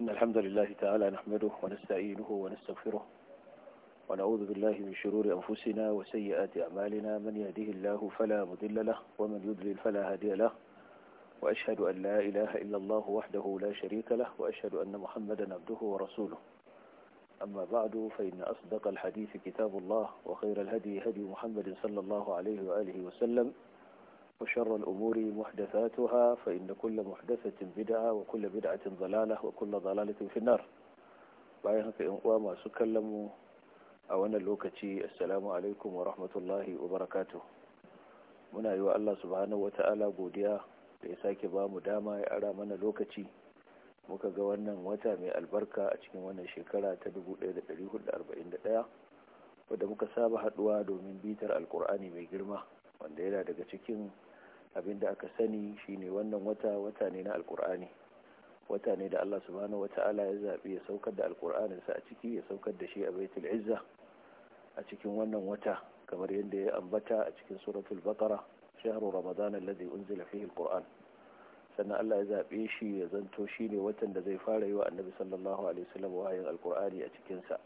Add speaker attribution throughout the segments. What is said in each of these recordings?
Speaker 1: إن الحمد لله تعالى نحمده ونستعينه ونستغفره ونعوذ بالله من شرور أنفسنا وسيئات أعمالنا من يهده الله فلا مضل له ومن يضلل فلا هادي له وأشهد أن لا إله إلا الله وحده لا شريك له وأشهد أن محمدا عبده ورسوله أما بعد فإن أصدق الحديث كتاب الله وخير الهدي هدي محمد صلى الله عليه وآله وسلم وشر الأمور محدثاتها فإن كل محدثة بدعة وكل بدعة ضلالة وكل ضلالة في النار bayan haka yan uwa masu kallon mu a wannan lokaci assalamu alaikum wa rahmatullahi wa barakatuh muna yi wa Allah subhanahu wata'ala godiya da ya sake ba mu dama ya ara mana lokaci muka ga wannan wata mai albarka a cikin wannan shekara ta 1441 wadda muka saba haduwa domin bitar alkur'ani mai girma wanda yana daga cikin abinda aka sani shine wannan wata wata ne na alkur'ani wata ne da Allah subhanahu wata'ala ya zaɓi ya saukar da sa a ciki ya saukar da shi a baitul izza a cikin wannan wata kamar yadda ya ambata a cikin suratul baqara shahru ramadan alladhi unzila fihi alquran sannan Allah ya zaɓe shi ya zanto shi ne watan da zai fara yi wa annabi sallallahu alaihi wasallam wahayin alkur'ani a cikinsa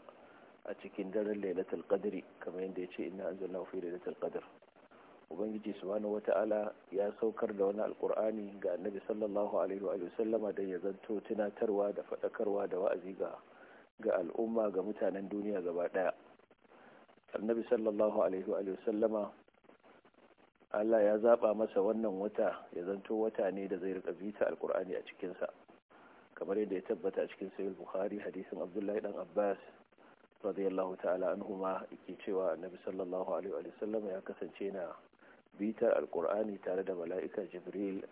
Speaker 1: a cikin daren lailatul qadri kamar yadda ya ce inna anzalnahu fi lailatul qadr ubangiji subhanahu wata'ala ya saukar da wani alkur'ani ga annabi sallallahu alaihi wa sallama don ya zanto tunatarwa da faɗakarwa da wa'azi ga ga al'umma ga mutanen duniya gaba ɗaya annabi sallallahu alaihi wa sallama Allah ya zaɓa masa wannan wata ya zanto wata ne da zai rika bita alkur'ani a cikinsa kamar yadda ya tabbata a cikin sahih bukhari hadisin abdullahi dan abbas radiyallahu ta'ala anhuma yake cewa annabi sallallahu alaihi wa sallama ya kasance na bitar alkur'ani tare da mala'ika jibril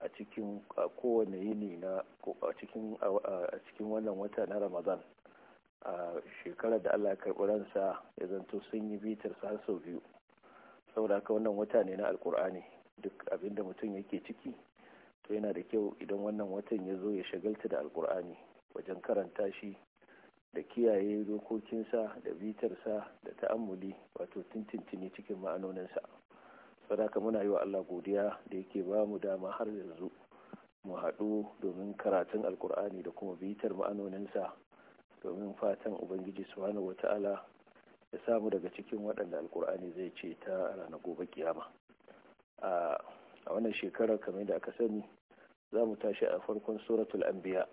Speaker 1: a cikin kowane yini na a cikin a cikin wannan wata na ramadan a shekarar da allah karɓi ransa ya zanto sun yi bitar har sau biyu saboda haka wannan wata ne na alkur'ani duk abinda mutum yake ciki to yana da kyau idan wannan watan ya zo ya shagalta da alkur'ani wajen karanta shi da kiyaye dokokinsa da bitarsa da ta'ammuli wato tintintini cikin ma'anoninsa sadaka muna yi wa Allah godiya da yake ba mu dama har yanzu mu haɗu domin karatun alkur'ani da kuma bitar ma'anoninsa domin fatan ubangiji subhanahu wata'ala ya samu daga cikin waɗanda alkur'ani zai ce ta rana gobe kiyama a wannan shekarar kamar da aka sani za mu tashi a farkon suratul anbiya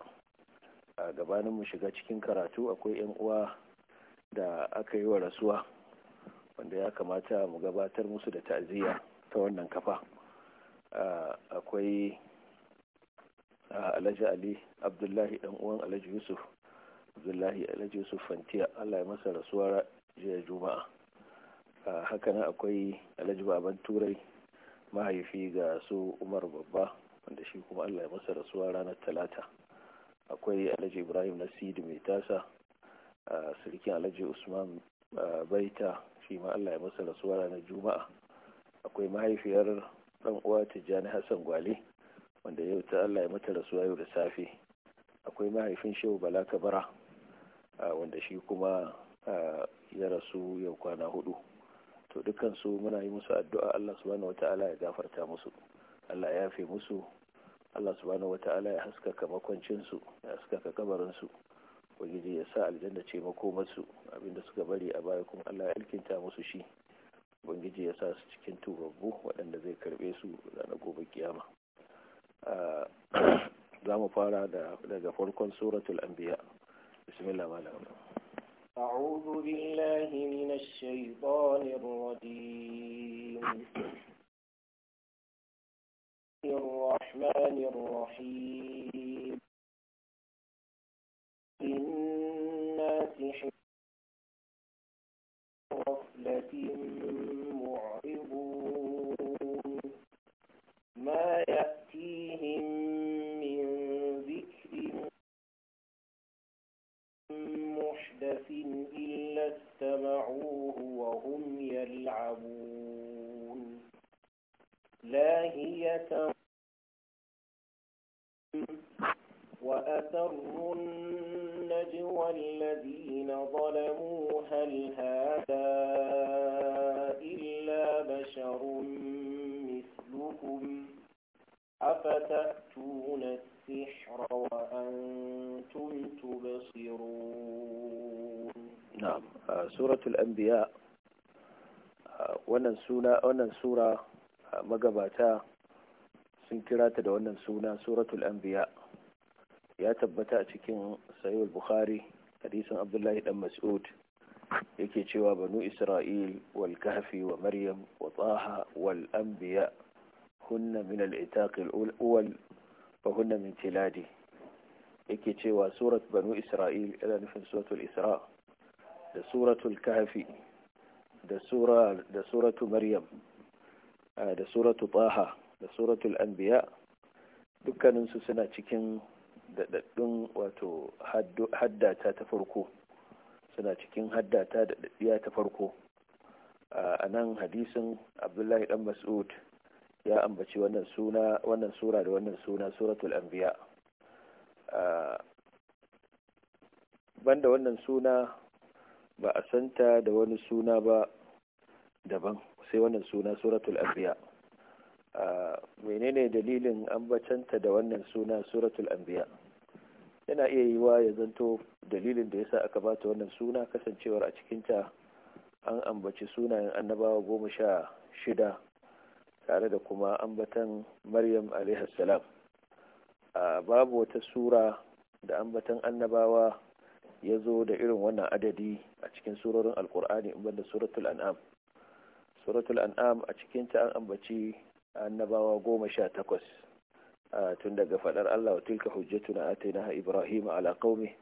Speaker 1: a gabanin mu shiga cikin karatu akwai yan uwa da aka yi wa rasuwa wanda ya kamata mu gabatar musu da ta'aziyya ta wannan kafa akwai alhaji ali abdullahi dan uwan alhaji yusuf abdullahi alhaji yusuf fantiya allah ya masa rasuwa jiya juma'a hakanan akwai alhaji baban turai mahaifi ga su umar babba wanda shi kuma allah ya masa rasuwa ranar talata akwai alhaji ibrahim na nasidi mai tasa sirkin alhaji usman baita shi ma allah ya masa rasuwa ranar juma'a akwai mahaifiyar ɗan uwa tijjani hassan gwale wanda yau ta allah ya mata rasuwa yau da safe akwai mahaifin shehu bala kabara wanda shi kuma ya rasu yau kwana hudu to dukansu muna yi musu addu'a allah subhanahu wata'ala ya gafarta musu allah ya yafe musu allah subhanahu wata'ala ya haskaka makwancinsu ya haskaka kabarinsu ubangiji ya sa aljanna ce makomarsu abinda suka bari a baya kuma allah ya alkinta musu shi ubangiji ya sa su cikin tubabbu waɗanda zai karɓe su na gobe kiyama za mu fara daga farkon suratul anbiya bismillah malam أعوذ بالله من الشيطان الرجيم الرحمن الرحيم للناس حفظ غفلة ما يأتيهم من ذكر محدث إلا استمعوه وهم يلعبون لاهية وأسروا النجوى الذين ظلموا هل هذا أفتأتون السحر وأنتم تبصرون نعم سورة الأنبياء wannan suna wannan sura magabata sun kira ta da wannan suna suratul anbiya ya tabbata a cikin sahih bukhari hadisin abdullahi dan mas'ud yake cewa banu isra'il wal kahfi wa maryam wa taha wal anbiya hunna min al-itaq al-awwal fa hunna min tiladi yake cewa surat banu isra'il yana suratu suratul isra da suratul kahfi da suratu maryam da suratu taha da suratul anbiya dukkaninsu suna cikin daɗaɗɗun wato haddata ta suna cikin haddata daɗaɗɗiya ta farko a nan hadisin abdullahi dan mas'ud ya ambaci wannan suna wannan sura da wannan suna suratul anbiya banda wannan suna ba a santa da wani suna ba daban sai wannan suna suratul anbiya menene dalilin ambacanta da wannan suna suratul anbiya yana iya wa ya zanto dalilin da yasa aka bata wannan suna kasancewar a cikinta an ambaci sunayen annabawa goma sha shida tare da kuma ambatan maryam salam babu wata sura da ambatan annabawa ya zo da irin wannan adadi a cikin surorin alkur'ani in banda suratul an'am suratul an'am a cikinta an ambaci annabawa goma sha takwas tun daga faɗar allah wa tilka hujjatu na hujjatuna na ibrahim ala qaumi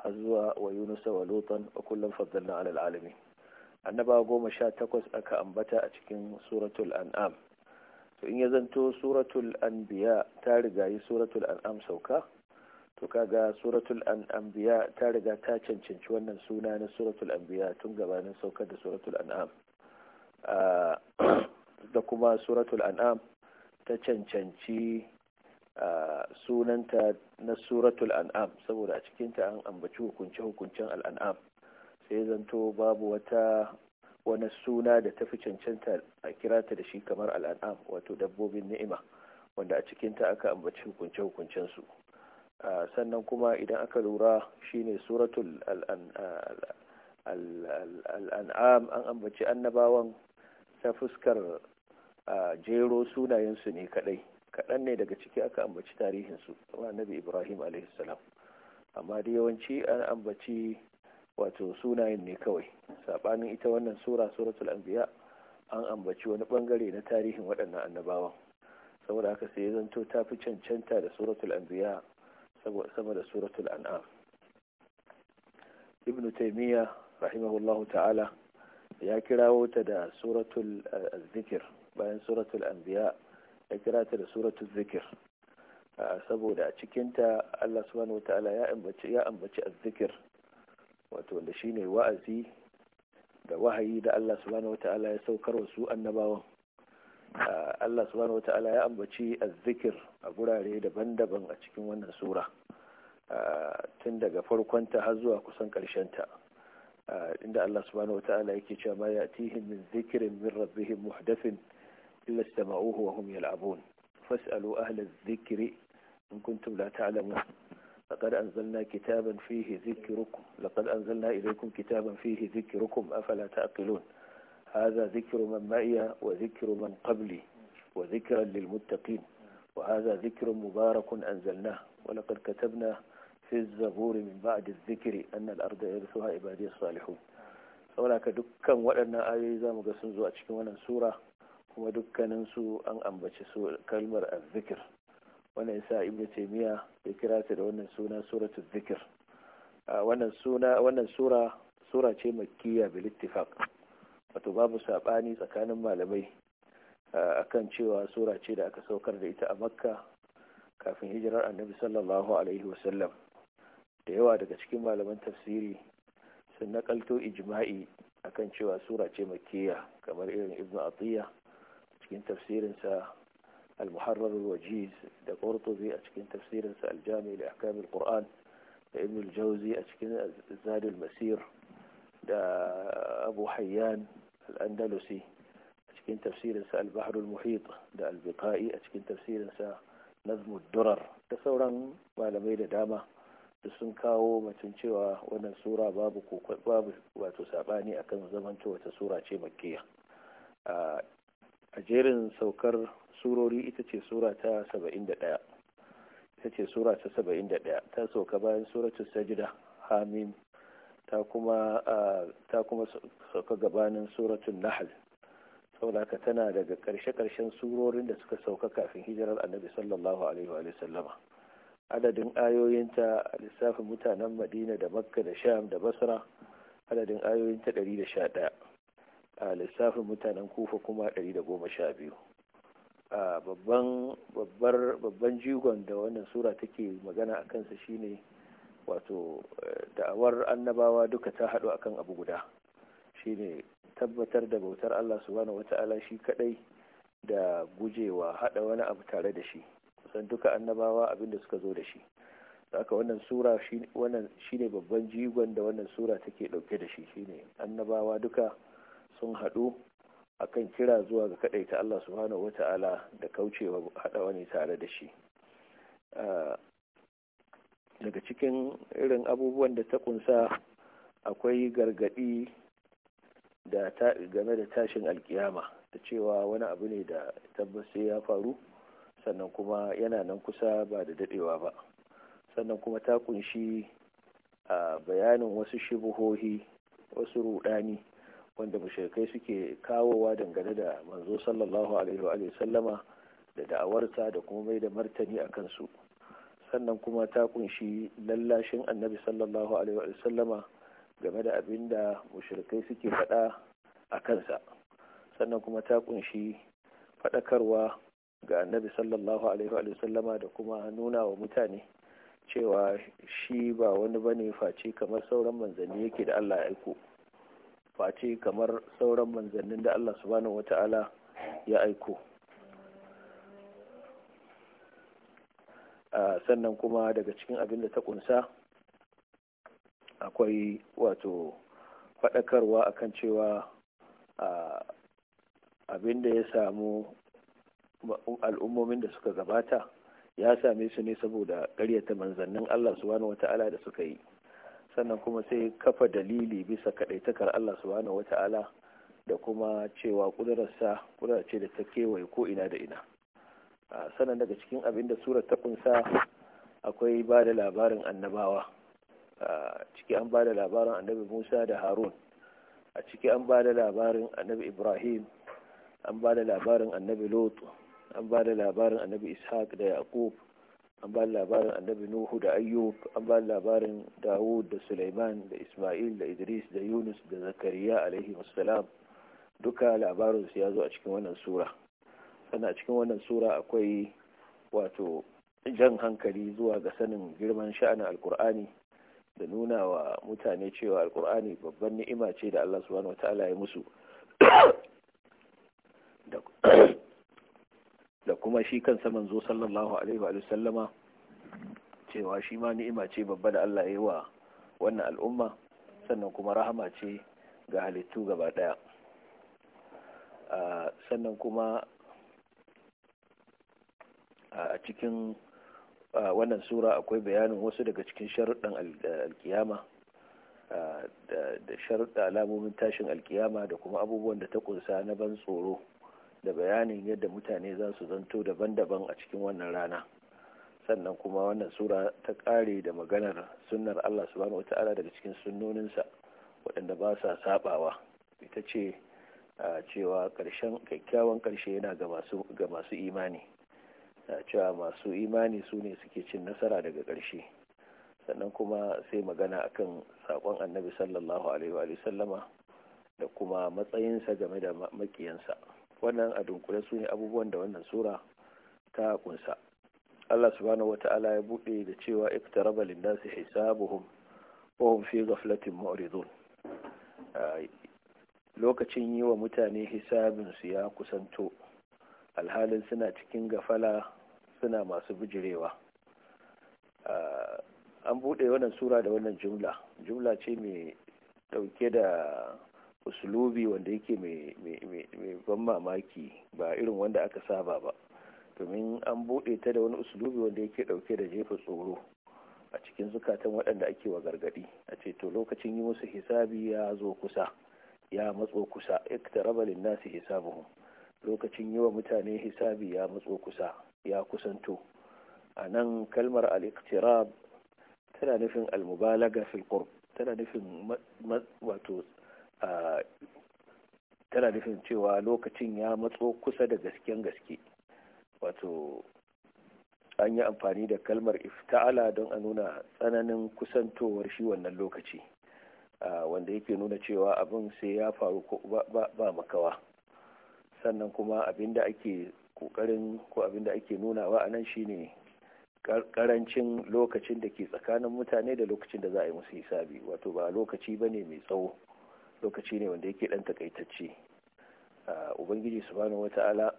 Speaker 1: har zuwa wa yunusa wa lutan wa kullum faddalna ala alalami annabawa goma sha takwas aka ambata a cikin suratul an'am to in ya zanto suratul anbiya ta riga yi suratul an'am sauka to kaga suratul anbiya ta riga ta cancanci wannan suna na suratul anbiya tun gabanin saukar da suratul an'am ah, da kuma suratul an'am ta cancanci ah, sunanta na suratul an'am saboda a cikinta an ambaci hukunce-hukuncen al'an'am sai zanto babu wata wani suna da ta fi cancanta a kirata da shi kamar al'an'am wato dabbobin ni'ima wanda a cikinta aka ambaci hukunce-hukuncensu sannan kuma idan aka lura shine suratul al'an'am an ambaci annabawan ta fuskar jero sunayensu ne kadai kadan ne daga ciki aka ambaci tarihinsu annabi ibrahim salam amma da yawanci an ambaci wato sunayen ne kawai sabanin ita wannan sura suratul anbiya an ambaci wani bangare na tarihin waɗannan annabawan saboda haka sai ya zanto ta fi cancanta da suratul anbiya sama da suratul an'am ibnu taymiya rahimahullahu ta'ala ya kirawo ta da suratul eh, zikir bayan suratul anbiya ya kira ta da suratul zikir ah, saboda a cikinta Allah subhanahu wa ta'ala ya ambaci ya ambaci azzikir wato wanda shine wa'azi da wahayi da Allah subhanahu ta'ala ya saukar su annabawan ah, Allah subhanahu ta'ala ya ambaci azzikir a gurare daban-daban a cikin wannan sura ah, tun daga farkonta har zuwa kusan ta ah, inda Allah subhanahu ta'ala yake cewa ma ya'tihim min zikirin min rabbihim muhdathin illa istama'uhu wa hum yal'abun fas'alu ahla adh-dhikri in kuntum la ta'lamun لقد أنزلنا كتابا فيه ذكركم لقد أنزلنا إليكم كتابا فيه ذكركم أفلا تأقلون هذا ذكر من معي وذكر من قبلي وذكرا للمتقين وهذا ذكر مبارك أنزلناه ولقد كتبنا في الزبور من بعد الذكر أن الأرض يرثها عبادي الصالحون ولكن دكا وأن آية زام قسنزو ga سورة ودكا ننسو أن أنبتشسو sura الذكر wannan sa ibn taimiya ya kira ta da wannan suna suratul zikr wannan wannan sura sura ce makkiya bil wato babu saɓani tsakanin malamai akan cewa sura ce da aka saukar da ita a makka kafin hijirar annabi sallallahu alaihi wasallam da yawa daga cikin malaman tafsiri sun nakalto ijma'i akan cewa sura ce makkiya kamar irin ibnu atiya cikin tafsirinsa المحرر الوجيز لقرطبي أشكين تفسير الجامع لأحكام القرآن لابن الجوزي أشكين زاد المسير لأبو حيان الأندلسي أشكين تفسير البحر المحيط للبقائي أشكين تفسير نظم الدرر تصورا ما لم دامه da sun kawo mutum cewa wannan sura babu babu wato sabani akan zamanto wata sura ce makkiya a jerin saukar surori ita ce sura ta ɗaya ita ce sura ta ɗaya ta sauka bayan suratul sajda hamim ta kuma ta kuma sauka gabanin suratul nahl saboda tana daga karshe-karshen surorin da suka sauka kafin hijirar annabi sallallahu alaihi wa sallama adadin ayoyinta a lissafin mutanen madina da makka da sham da basra adadin ayoyinta 111 a lissafin mutanen kufa kuma 112 babban jigon da wannan sura take magana a kansa shine wato eh, da'awar annabawa duka ta haɗu akan abu guda shine tabbatar da bautar Allah subhanahu wata'ala shi kadai da gujewa haɗa wani abu tare da shi kusan duka annabawa abinda suka zo da shi haka wannan sura shi shine babban jigon da wannan sura take ɗauke da shi shine annabawa duka sun haɗu akan kira zuwa ga ta Allah subhanahu wata'ala da kaucewa hada wani tare da shi ah, daga cikin irin abubuwan da ta kunsa akwai gargadi da ta game da tashin alkiyama da cewa wani abu ne da tabbas sai ya faru sannan kuma yana nan kusa ba da dadewa ba sannan kuma ta kunshi a ah, bayanin wasu shibuhohi wasu rudani wanda mushrikai suke kawowa dangane da manzo sallallahu alaihi wa sallama da da'awarsa da kuma mai da martani a kansu sannan kuma ta kunshi lallashin annabi sallallahu alaihi wa sallama game da abin da mushrikai suke faɗa a kansa sannan kuma ta kunshi faɗakarwa ga annabi sallallahu alaihi wa sallama da kuma nuna wa mutane cewa shi ba wani bane face kamar sauran manzanni yake da Allah ya aiko face kamar sauran manzannin da Allah subhanahu wata'ala ya aiko ah, sannan kuma daga cikin abin da ta kunsa akwai wato faɗakarwa akan cewa ah, abin da ya samu al'ummomin da suka gabata ya same su ne saboda ƙaryata manzannin Allah subhanahu wata'ala da suka yi sannan kuma sai kafa dalili bisa kaɗai kaɗaitakar Allah subhanahu wata'ala da kuma cewa ƙudurarsa ƙudurar ce da ta kewaye ko ina da ina sannan daga cikin abin da surar ta kunsa akwai ba da labarin annabawa ciki an ba da labarin annabi musa da harun a ciki an ba da labarin annabi ibrahim an ba da labarin annabi lot an ba da labarin annabi ishaq da yakub. an ba labarin annabi nuhu da ayyub an ba labarin dawud da suleiman da isma'il da idris da yunus da zakariya alaihi wasalam duka labarinsu ya zo a cikin wannan sura sannan a cikin wannan sura akwai wato jan hankali zuwa ga sanin girman sha'anin alkur'ani da nuna wa mutane cewa alkur'ani babban ni'ima ce da allah subhanahu wa ta'ala ya musu da kuma shi kan saman zo sallallahu alaihi wa sallama cewa shi ma ni'ima ce babba da Allah ya yi wa wannan al'umma sannan kuma rahama ce ga halittu gaba daya sannan kuma a cikin wannan sura akwai bayanin wasu daga cikin sharuɗan alkiyama da sharuɗa alamomin tashin alkiyama da kuma abubuwan da ta ƙunsa na ban tsoro da bayanin yadda mutane za su zanto daban-daban a cikin wannan rana sannan kuma wannan sura ta kare da maganar sunnar Allah subhanahu wata'ala daga cikin sunnoninsa waɗanda ba sa sabawa ita ce a cewa ƙarshen kyakkyawan ƙarshe yana ga masu imani cewa masu imani su ne suke cin nasara daga ƙarshe sannan kuma sai magana a kan saƙon annabi sallallahu alaihi wa sallama da kuma matsayinsa game da makiyansa wannan a dunkule su ne abubuwan da wannan sura ta kunsa Allah subhanahu wata'ala ya buɗe da cewa iktaraba linnasi hisabuhum wa hum fi ghaflatin mu'ridun ah, lokacin yi wa mutane hisabin su ya kusanto alhalin suna cikin gafala suna masu bijirewa ah, an buɗe wannan sura da wannan jumla jumla ce mai ɗauke da usulubi wanda yake mai ban mamaki ba irin wanda aka saba ba domin an buɗe ta da wani usulubi wanda yake ɗauke da jefa tsoro a cikin zukatan waɗanda ake wa gargaɗi a ce to lokacin yi musu hisabi ya zo kusa ya matso kusa rabalin linnasi hisabu lokacin yi wa mutane hisabi ya matso kusa ya kusanto a nan kalmar al-iktirab tana nufin al-mubalaga fil qurb tana nufin wato tana nufin cewa lokacin ya matso kusa da gasken gaske wato an yi amfani da kalmar ifta'ala don a nuna tsananin kusantowar shi wannan lokaci wanda yake nuna cewa abin sai ya faru ba makawa sannan kuma abinda ake kokarin ko abinda ake nunawa a nan shine karancin lokacin da ke tsakanin mutane da lokacin da za a yi musu hisabi wato ba lokaci ba ne mai tsawo lokaci ne wanda yake dan takaitacce ah, ubangiji subhanahu wata'ala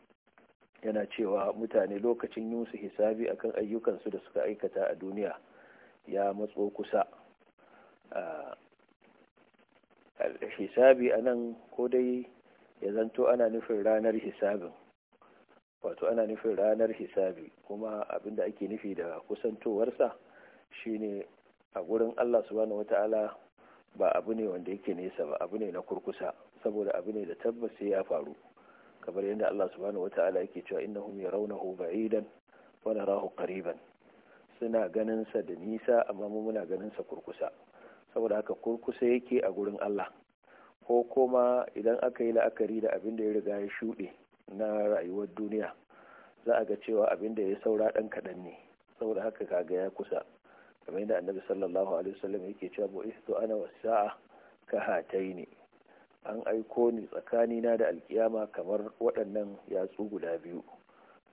Speaker 1: yana cewa mutane lokacin yi musu hisabi akan ayyukansu da suka aikata a duniya ya matso kusa ah, hisabi a nan ko dai ya zanto ana nufin ranar hisabin wato ana nufin ranar hisabi kuma abinda ake nufi da kusantowarsa shine a gurin allah subhanahu wata'ala ba abu ne wanda yake nesa ba abu ne na kurkusa saboda abu ne da tabbas sai ya faru kamar yadda Allah subhanahu wata'ala yake cewa innahum yarawnahu ba'idan wa narahu qariban suna ganin sa da nisa amma mu muna ganin sa kurkusa saboda haka kurkusa yake a gurin Allah ko kuma idan aka yi la'akari da abin da ya riga ya shuɗe na rayuwar duniya za a ga cewa abin da ya saura ɗan kaɗan ne saboda haka kaga ya kusa kamar yadda annabi sallallahu alaihi wasallam yake cewa bu ihtu ana wasa'a ka hataini an aiko ni tsakanina da alkiyama kamar waɗannan yatsu guda biyu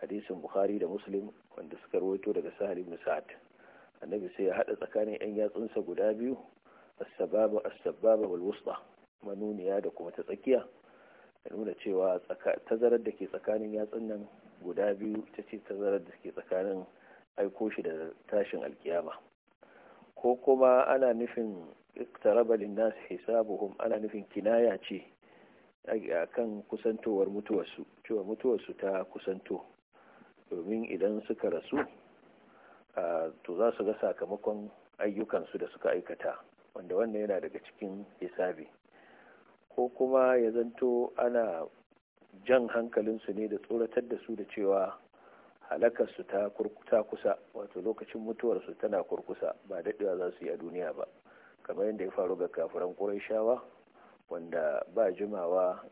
Speaker 1: hadisin bukhari da muslim wanda suka rawaito daga sahal ibn sa'ad annabi sai ya hada tsakanin yan yatsunsa guda biyu as-sababa as-sababa wal wusta manuniya da kuma ta tsakiya ya nuna cewa tazarar da ke tsakanin yatsun nan guda biyu ita ce tazarar da ke tsakanin aiko shi da tashin alkiyama ko kuma ana nufin iktaraba linnas hisabuhum ana nufin kinaya ce a kan kusantowar mutuwarsu cewa mutuwarsu ta kusanto domin idan suka rasu to za su ga sakamakon ayyukansu da suka aikata wanda wannan yana daga cikin hisabi ko kuma ya zanto ana jan hankalinsu ne da tsoratar da su da cewa halakarsu ta kusa wato lokacin mutuwarsu tana kurkusa ba daɗewa za su yi a duniya ba kamar yadda ya faru ga kafiran ƙurayshawa wanda ba jimawa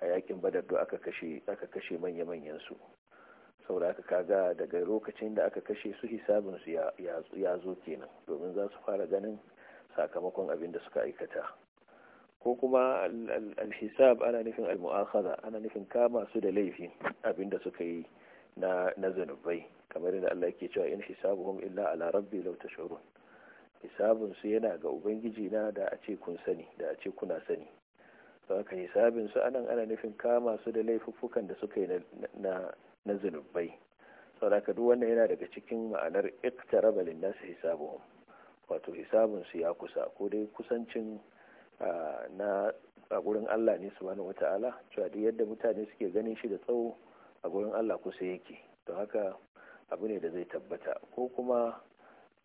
Speaker 1: a yakin badardu aka kashe aka kashe manya-manyan su saboda aka kaga daga lokacin da aka kashe su hisabin su ya zo kenan domin za su fara ganin sakamakon abin da suka aikata ko kuma hisab ana nufin al al-mu'akhadha ana nufin kama su da laifin abin da suka yi na na zanubai kamar yadda Allah yake cewa in hisabuhum illa ala rabbi law tashurun hisabun su yana ga ubangiji na da a ce kun sani da a ce kuna sani don haka hisabin su anan ana nufin kama su da laifuffukan da suka yi na na zanubai saboda duk wannan yana daga cikin ma'anar iktaraba lin nas hisabuhum wato hisabun su ya kusa ko dai kusancin na a gurin Allah ne subhanahu wata'ala cewa duk yadda mutane suke ganin shi da tsawo a gurin Allah kusa yake to haka abu ne da zai tabbata ko kuma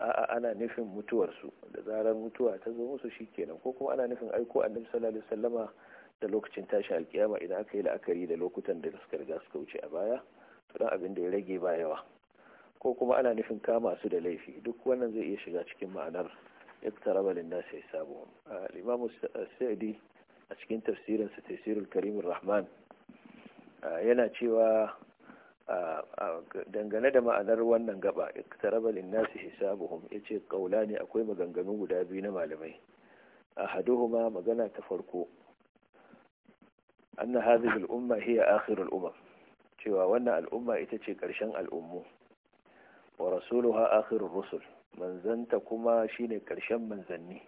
Speaker 1: a'a ana nufin mutuwarsu da zarar mutuwa ta zo musu kenan ko kuma ana nufin aiko annabi sallallahu alaihi wasallama da lokacin tashi alkiyama idan aka yi la'akari da lokutan da suka riga suka wuce a baya to dan abin da ya rage ba yawa ko kuma ana nufin kama su da laifi duk wannan zai iya shiga cikin ma'anar iktaraba linnasi hisabuhum al-imam a cikin tafsirin sa tafsirul karimur rahman yana cewa dangane da ma'anar wannan gaba iktaraba linnasi hisabuhum yace ne akwai maganganu guda biyu na malamai ahaduhuma magana ta farko anna hadhihi al-umma hiya akhir al-umam cewa wannan al'umma ita ce karshen al'ummu wa rasuluha akhir ar-rusul manzanta kuma shine karshen manzanni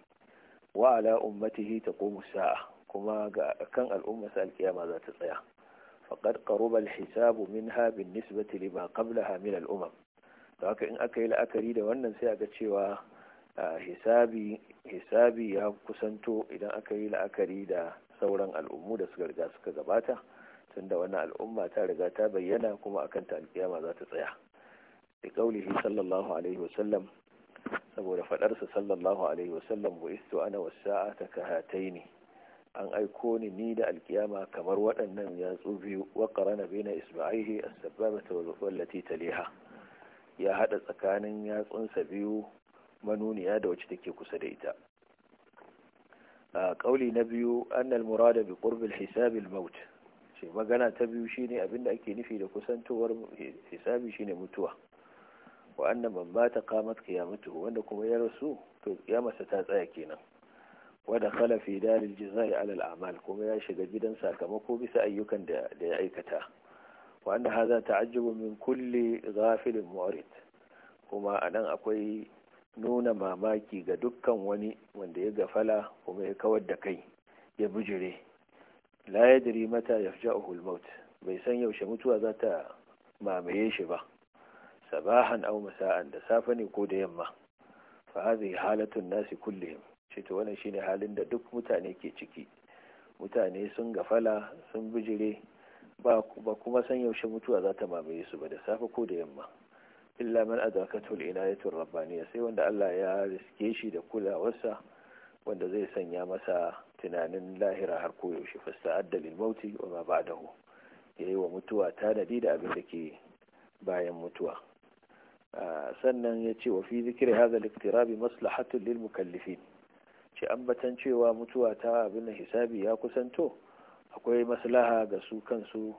Speaker 1: wa ala ummatihi taqumu sa'a kuma ga kan al'umma sa alkiyama za ta tsaya faƙad ƙarubar hisabu min habin nisbati lima qabla hamil al'umam da haka in aka yi la'akari da wannan sai a ga cewa hisabi ya kusanto idan aka yi la'akari da sauran al'ummu da suka riga suka gabata tunda wannan al'umma ta riga ta bayyana kuma akan ta alƙiyama za ta tsaya da kaulihi sallallahu alaihi wasallam saboda faɗarsa sallallahu alaihi wasallam bu istu ana wasa'a ta ne. an aiko ni ni da alkiyama kamar waɗannan yatsu biyu wa qarana baina isba'ihi as ta wallati taliha ya haɗa tsakanin yatsunsa biyu manuniya da wacce take kusa da ita a ƙauli na biyu annal murada bi qurbi al maut ce magana ta biyu shine abinda ake nufi da kusantowar hisabi shine mutuwa wa annan man mata qamat qiyamatuhu wanda kuma ya rasu to kiyamarsa ta tsaya kenan wadda khalafi dalil jizai alal amal kuma ya shiga gidan sakamako bisa ayyukan da ya aikata wa haza hadha min kulli ghafilin mu'rid kuma anan akwai nuna mamaki ga dukkan wani wanda ya gafala kuma ya kawar da kai ya bijire la yadri mata yafja'uhu al-maut bai san yaushe mutuwa za ta mamaye shi ba sabahan aw masa'an da safe ne ko da yamma fa hadhihi halatu an-nasi kullihim ce to wannan shine halin da duk mutane ke ciki mutane sun gafala sun bijire ba kuma san yaushe mutuwa za ta mamaye su ba da safe ko da yamma illa man ina al-inayatu rabbaniya sai wanda Allah ya riske shi da kulawarsa wanda zai sanya masa tunanin lahira har ko yaushe fasta'adda lil mauti wa ma ba'dahu yayi wa mutuwa tanadi da abin da ke bayan mutuwa ah, sannan ya ce wa fi zikri hadha al-iqtirabi maslahatun lil mukallifin ci ambatan cewa mutuwa ta abin da hisabi ya kusanto akwai maslaha ga su kansu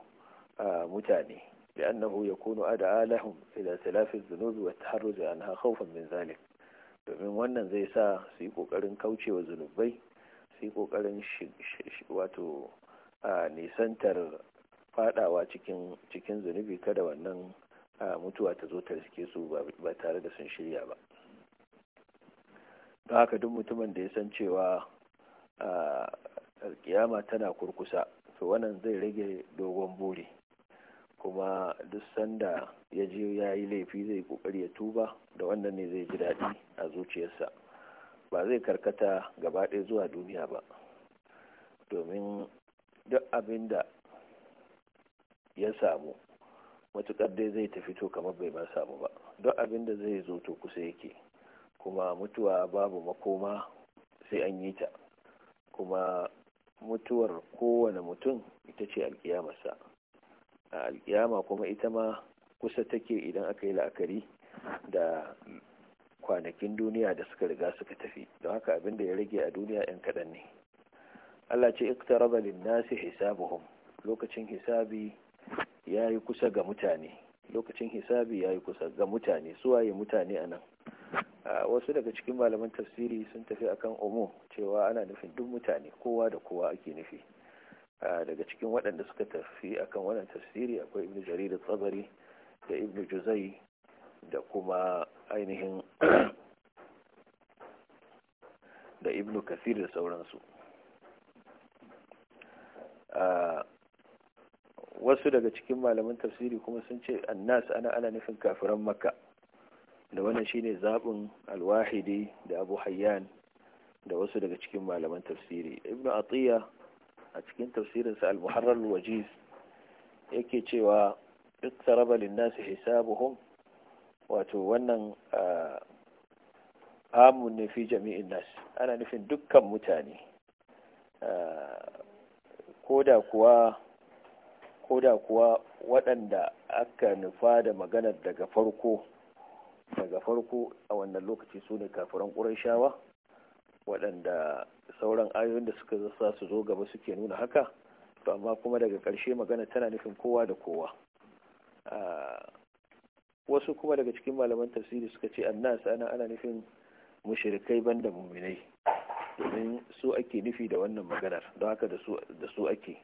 Speaker 1: a mutane da annahu ya kunu ada lahum ila talafi zunubi wa taharruji ha khawfan min zalik domin wannan zai sa su yi kokarin kaucewa zunubai su yi kokarin wato nisantar fadawa cikin cikin zunubi kada wannan mutuwa ta zo ta riske su ba tare da sun shirya ba don haka duk mutumin da ya san cewa alkiyama tana kurkusa to wannan zai rage dogon buri kuma duk sanda ya je ya yi laifi zai kokari ya tuba da wannan ne zai ji daɗi a zuciyarsa ba zai karkata gaba ɗaya zuwa duniya ba domin duk abin da ya samu matuƙar dai zai tafi to kamar bai ma samu ba duk abin da zai zo to kusa yake kuma mutuwa babu makoma sai an yi ta kuma mutuwar kowane mutum ita ce alkiyamarsa a alkiyama kuma ita ma kusa take idan aka yi la'akari da kwanakin duniya da suka riga suka tafi don haka abin da ya rage a duniya 'yan kaɗan ne allah ce iktarabalin linnasi hisabuhum lokacin hisabi ya yi kusa ga mutane lokacin hisabi ya yi kusa ga mutane su waye mutane a nan wasu daga cikin malaman tafsiri sun tafi akan omo cewa ana nufin duk mutane kowa da kowa ake nufi daga cikin waɗanda suka tafi akan wannan tafsiri akwai ibnu da tsabari da ibnu juzai da kuma ainihin da ibnu kasir da sauransu wasu daga cikin malaman tafsiri kuma sun ce annas ana ana nufin kafiran makka da wannan shine zaɓin alwahidi da abu hayyan da wasu daga cikin malaman tafsiri Ibn atiya a cikin tafsirinsa al-muharrar wajiz yake cewa duk sarabalin nasu حسابهم wato wannan amun ne fi jami'in nas ana nufin dukkan mutane ko da kuwa ko da kuwa waɗanda aka nufa da magana daga farko daga farko a wannan lokaci su ne kafiran ƙurashawa waɗanda sauran ayoyin da suka zasa su zo gaba suke nuna haka to amma kuma daga ƙarshe magana tana nufin kowa da kowa wasu kuma daga cikin malaman tafsiri suka ce annas ana ana nufin mushrikai banda muminai domin su ake nufi da wannan maganar don haka da su ake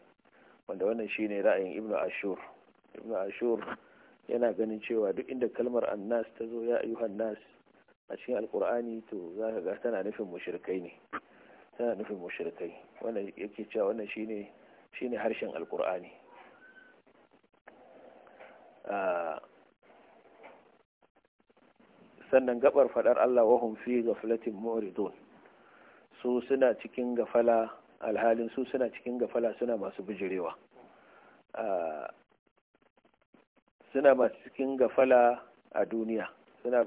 Speaker 1: wanda wannan shine ra'ayin ibnu ashur ibnu ashur yana ganin cewa duk inda kalmar annas ta zo ya ayyuhan nas a cikin alkur'ani to za ka ga tana nufin mushrikai ne tana nufin mushrikai wannan yake cewa wannan shine shine harshen alkur'ani ah, sannan gabar fadar Allah wahum fi ghaflatin mu'ridun su suna cikin gafala alhalin su suna cikin gafala suna masu bijirewa suna masu cikin gafala a duniya suna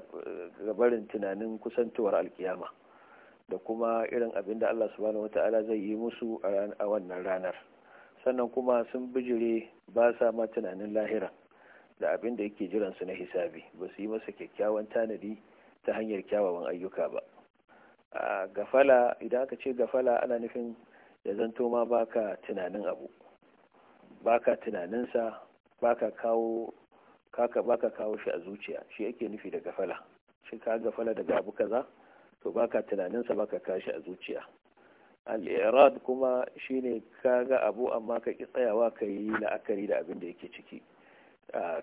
Speaker 1: gabarin eh, tunanin kusantowar alkiyama da kuma irin abin da Allah subhanahu wata'ala zai yi musu a wannan ranar sannan kuma sun bijire ba sa ma tunanin lahira da abin da yake jiransu na hisabi ba su yi masa kyakkyawan tanadi ta hanyar kyawawan ayyuka ba gafala idan aka ce gafala ana nufin ya zanto ma baka tunanin abu baka tunaninsa baka kawo kaka baka kawo shi a zuciya shi yake nufi da gafala shi ka gafala daga abu kaza to baka tunaninsa baka kashi a zuciya irad kuma shine kaga abu amma ka ki tsayawa ka yi la'akari da abin da yake ciki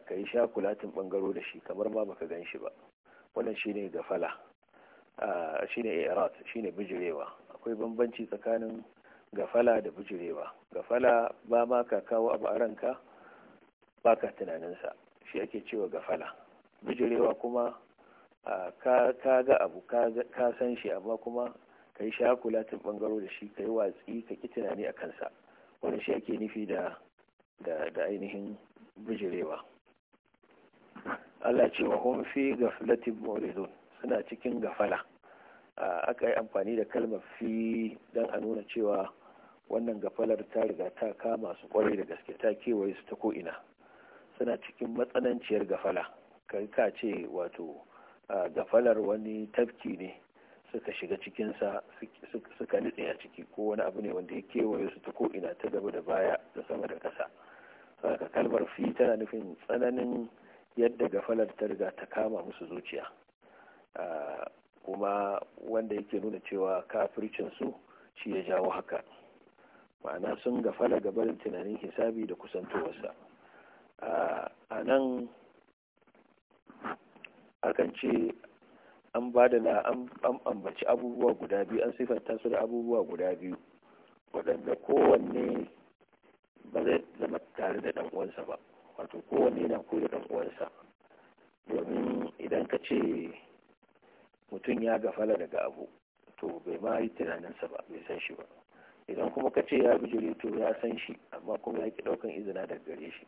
Speaker 1: ka yi kulatin bangaro da shi kamar ma baka gan shi ba wannan shine gafala shine irad shine bijirewa akwai bambanci tsakanin gafala da bujirewa gafala ba ma ka kawo abu a ranka ba ka tunaninsa shi ake cewa gafala bujirewa kuma ka ga abu ka san shi amma kuma ka yi shakulatin bangaro da shi ka yi watsi ka ki tunani a kansa wani shi ake nufi da ainihin bujirewa Allah ce wa fi gaflatin muridun suna cikin gafala aka yi amfani da kalmar fi don a nuna cewa wannan gafalar ta riga ta kama su kwarai da gaske ta kewaye su ta ko'ina suna cikin matsananciyar gafala kai ka ce wato gafalar wani tafki ne suka shiga cikinsa suka nitse a ciki ko wani abu ne wanda ya kewaye su ta ko'ina ta gaba da baya da sama da ƙasa saka kalmar fi tana nufin tsananin yadda gafalar ta riga ta kama musu zuciya kuma wanda yake nuna cewa kafircin su shi ya jawo haka ma'ana sun gafala barin tunanin hisabi da kusantowarsa a nan akan ce an ba da na an ambaci abubuwa guda biyu an siffanta su da abubuwa guda biyu waɗanda kowanne ba zai zama tare da ɗan'uwansa ba wato kowanne na koya ɗan'uwansa domin idan ka ce mutum ya gafala daga abu to bai ma yi tunaninsa ba bai san shi ba idan kuma ka ce ya bijire to ya san shi amma kuma ya ki ɗaukan izina daga gare shi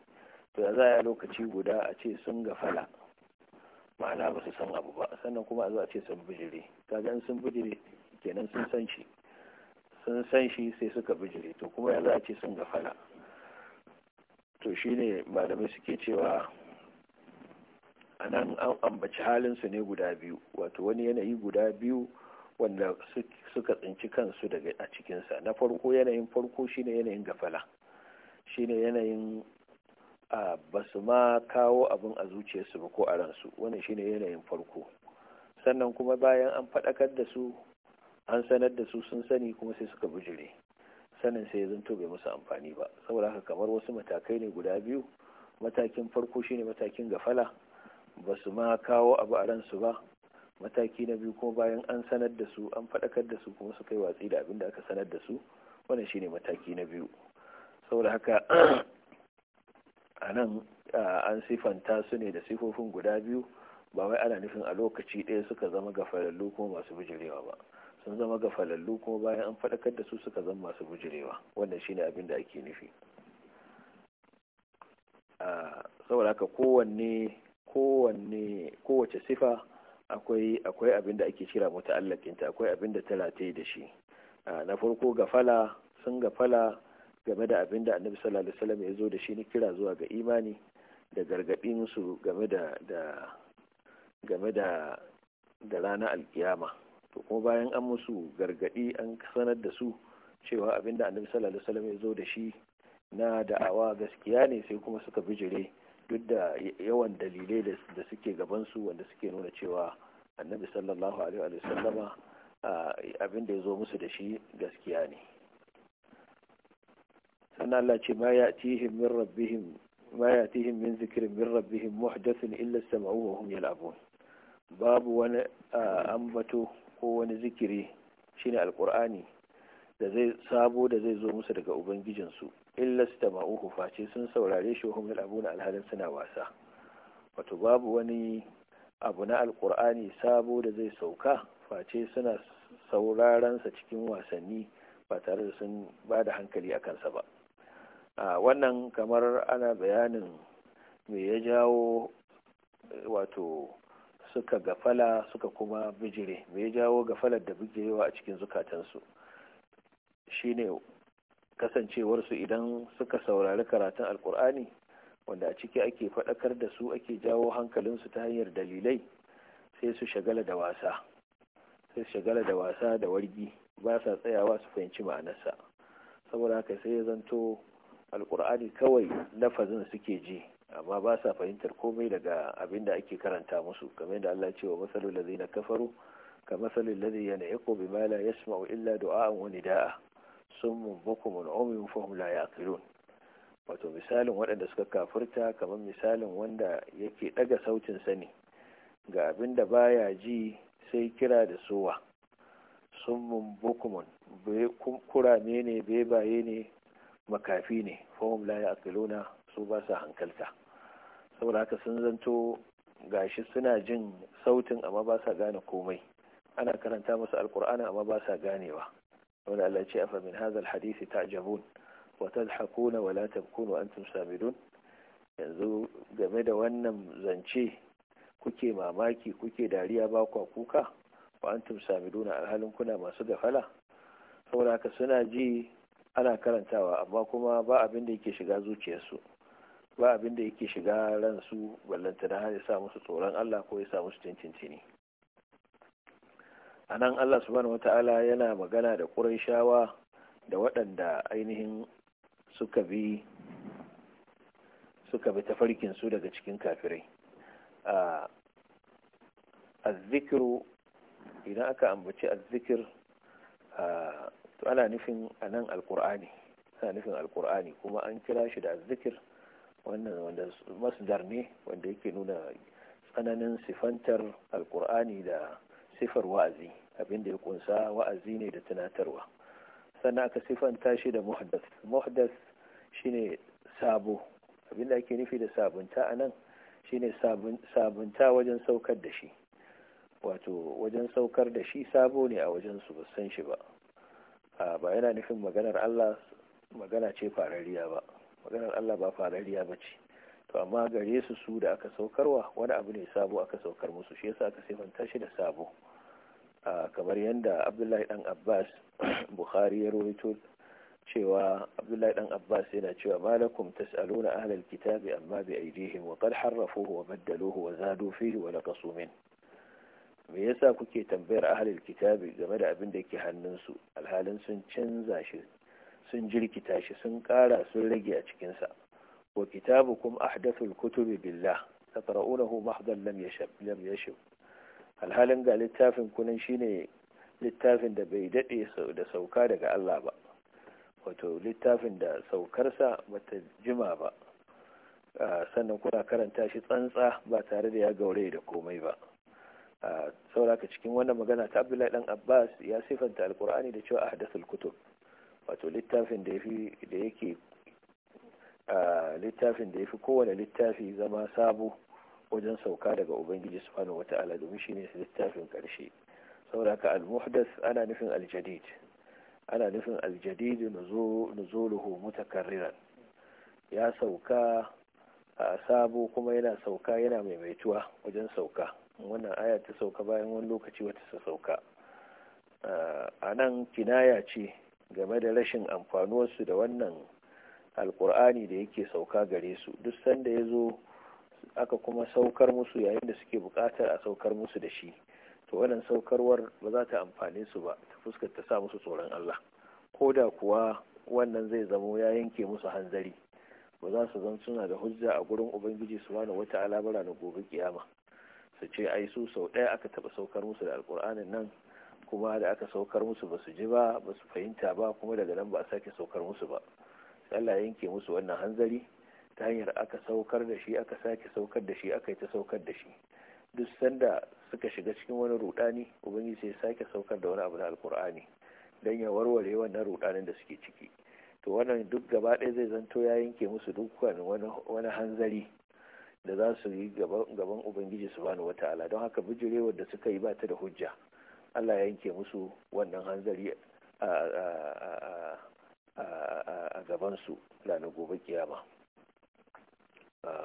Speaker 1: to za a lokaci guda a ce sun gafala ma'ana ba su san abu ba sannan kuma a zo a ce sun bijire kaga gan sun bijire kenan sun san shi sun san shi sai suka bijire to kuma ya za a ce sun gafala to shine malamai suke cewa a an ambaci halinsu ne guda biyu wato wani yanayi guda biyu wanda suka tsinci kansu daga a cikinsa na farko yanayin farko shine yanayin gafala shine yanayin ba su ma kawo abin a zuciyarsu ba ko a ransu wannan shine yanayin farko sannan kuma bayan an faɗakar da su an sanar da su sun sani kuma sai suka bijire sanin sai ya zanto bai musu amfani ba saboda haka kamar wasu matakai ne guda biyu matakin farko shine matakin gafala ba su ma kawo abu a ransu ba mataki na biyu kuma bayan an sanar da su an faɗakar da su kuma su kai watsi da abin da aka sanar da su wannan shine mataki na biyu saboda haka a nan an sifanta su ne da sifofin guda biyu ba wai ana nufin a lokaci ɗaya suka zama gafalallu kuma masu bijirewa ba sun zama gafalallu kuma bayan an faɗakar da su suka zama masu bijirewa wannan shine abin da ake nufi saboda haka kowanne kowanne kowace sifa akwai akwai abin da ake kira ta akwai abin da talata da shi ah, na farko gafala sun gafala game da abin da annabi sallallahu alaihi wasallam ya zo da shi ni kira zuwa ga imani da gargaɗin su game da da game da da ranar alkiyama to kuma bayan an musu gargaɗi an sanar da su cewa abin da annabi sallallahu alaihi wasallam ya zo da shi na da'awa gaskiya ne sai kuma suka bijire duk da yawan dalilai da suke gabansu wanda suke nuna cewa annabi sallallahu alaihi wa sallama abin da ya zo musu da shi gaskiya ne sannan Allah ce ma ya tihim min rabbihim ma ya tihim min zikirin min rabbihim muhdathin illa sama'u wa hum yal'abun babu wani ambato ko wani zikiri shine alqur'ani da zai sabo da zai zo musu daga ubangijinsu illa su ma'uhu face sun saurare shi abu na alhalin suna wasa wato babu wani abu na alkur'ani sabo da zai sauka face suna saurarensa cikin wasanni ba tare da sun ba da hankali a kansa ba a wannan kamar ana bayanin me ya jawo wato suka gafala suka kuma bijire me ya jawo gafalar da bijirewa a cikin zukatansu shine kasancewarsu idan suka saurari karatun alkur'ani wanda a ciki ake faɗakar da su ake jawo hankalinsu ta hanyar dalilai sai su shagala da wasa sai shagala da wasa da wargi ba sa tsayawa su fahimci ma'anarsa saboda haka sai ya zanto alkur'ani kawai lafazin suke ji amma ba sa fahimtar komai daga abin da ake karanta musu kamar da Allah ce wa masalul ladzina kafaru ka masalul ladzi yanaiqu bima la yasma'u illa du'a'an wa nida'a summun bukumun umyun fahum la yaqilun wato misalin waɗanda suka kafirta kamar misalin wanda yake ɗaga sautin sani ga abin da baya ji sai kira da sowa summun bukumun kurame ne baye ne makafi ne fahim la yaqiluna su ba sa hankalta saboda haka sun zanto gashi suna jin sautin amma ba sa gane komai ana karanta musu alkur'ani amma ba sa ganewa wani Allah ce afa min hadha alhadith ta'jabun wata tadhakuna wala la tabkun wa samidun yanzu game da wannan zance kuke mamaki kuke dariya ba kwa kuka wa tun samidun alhalin kuna masu gafala saboda haka suna ji ana karantawa amma kuma ba abin da yake shiga zuciyarsu ba abin da yake shiga ransu da har ya sa musu tsoron Allah ko ya sa musu cincin a nan allah subhanahu wata'ala yana magana da ƙuraishawa da waɗanda ainihin suka bi suka bi tafarkinsu daga cikin kafirai azzikiru idan aka ambaci zikir to ana nufin a nan alkur'ani ana nufin alkur'ani kuma an kira shi da zikir wannan wanda masdar ne wanda yake nuna tsananin sifantar alkur'ani da sifar wa'azi abinda ya kunsa wa'azi ne da tunatarwa sannan aka sifanta shi da muhaddas muhaddas shine sabo abin da ake nufi da sabunta a nan shine sabunta wajen saukar da shi wato wajen saukar da shi sabo ne a wajen su san shi ba ba yana nufin maganar Allah magana ce farariya ba maganar Allah ba farariya ba ce to amma gare su su da aka saukarwa wani abu ne sabo aka saukar musu shi yasa aka sifanta shi da sabo Ah, kamar yadda abdullahi dan abbas buhari ya rawaito cewa abdullahi dan abbas yana cewa malakum tas'aluna ahlal kitabi amma bi aidihim wa qad harrafuhu wa baddaluhu wa zadu fihi wa min me yasa kuke tambayar ahlal kitabi game da abin da yake hannunsu alhalin sun canza shi sun jirkita shi sun kara sun rage a cikinsa wa kitabukum ahdathul kutubi billah tatra'unahu mahdan lam yashab lam yashab alhalin ga littafin kunan shine littafin da bai daɗe da sauka daga Allah ba wato littafin da saukarsa bata jima ba sannan kuna karanta shi tsantsa ba tare da ya gaure da komai ba sauraka cikin wannan magana ta abdullahi dan abbas ya sifanta alkur'ani da cewa ahdathul kutub wato littafin da da yake da yafi kowane littafi zama sabo wajen sauka daga ubangiji subhanahu ta'ala domin shi ne littafin karshe saboda haka al-muhdath ana nufin al-jadid ana nufin al-jadid nuzuluhu mutakarriran ya sauka a sabo kuma yana sauka yana maimaituwa wajen sauka wannan aya ta sauka bayan wani lokaci wata ta sauka a nan kinaya ce game da rashin amfanuwarsu da wannan alkur'ani da yake sauka gare su duk sanda ya zo aka kuma saukar musu yayin da suke bukatar a saukar musu da shi to wannan saukarwar ba za ta amfane su ba ta fuskar ta sa musu tsoron Allah ko da kuwa wannan zai zamo ya yanke musu hanzari ba za su zan suna da hujja a gurin ubangiji su wani wata alabara na gobe kiyama su ce ai su sau ɗaya aka taɓa saukar musu da alkur'anin nan kuma da aka saukar musu ba su ji ba ba su fahimta ba kuma daga nan ba a sake saukar musu ba Allah yanke musu wannan hanzari ta hanyar aka saukar da shi aka sake saukar da shi aka yi ta saukar da shi duk sanda suka shiga cikin wani rudani ubangiji sai sake saukar da wani abu na alkur'ani don ya warware wannan rudanin da suke ciki to wannan duk gaba ɗaya zai zanto ya yanke musu dukkan wani hanzari da za su yi gaban ubangiji su bani ala don haka bijirewar da suka yi ba ta da hujja allah ya yanke musu wannan hanzari a gabansu ranar gobe kiyama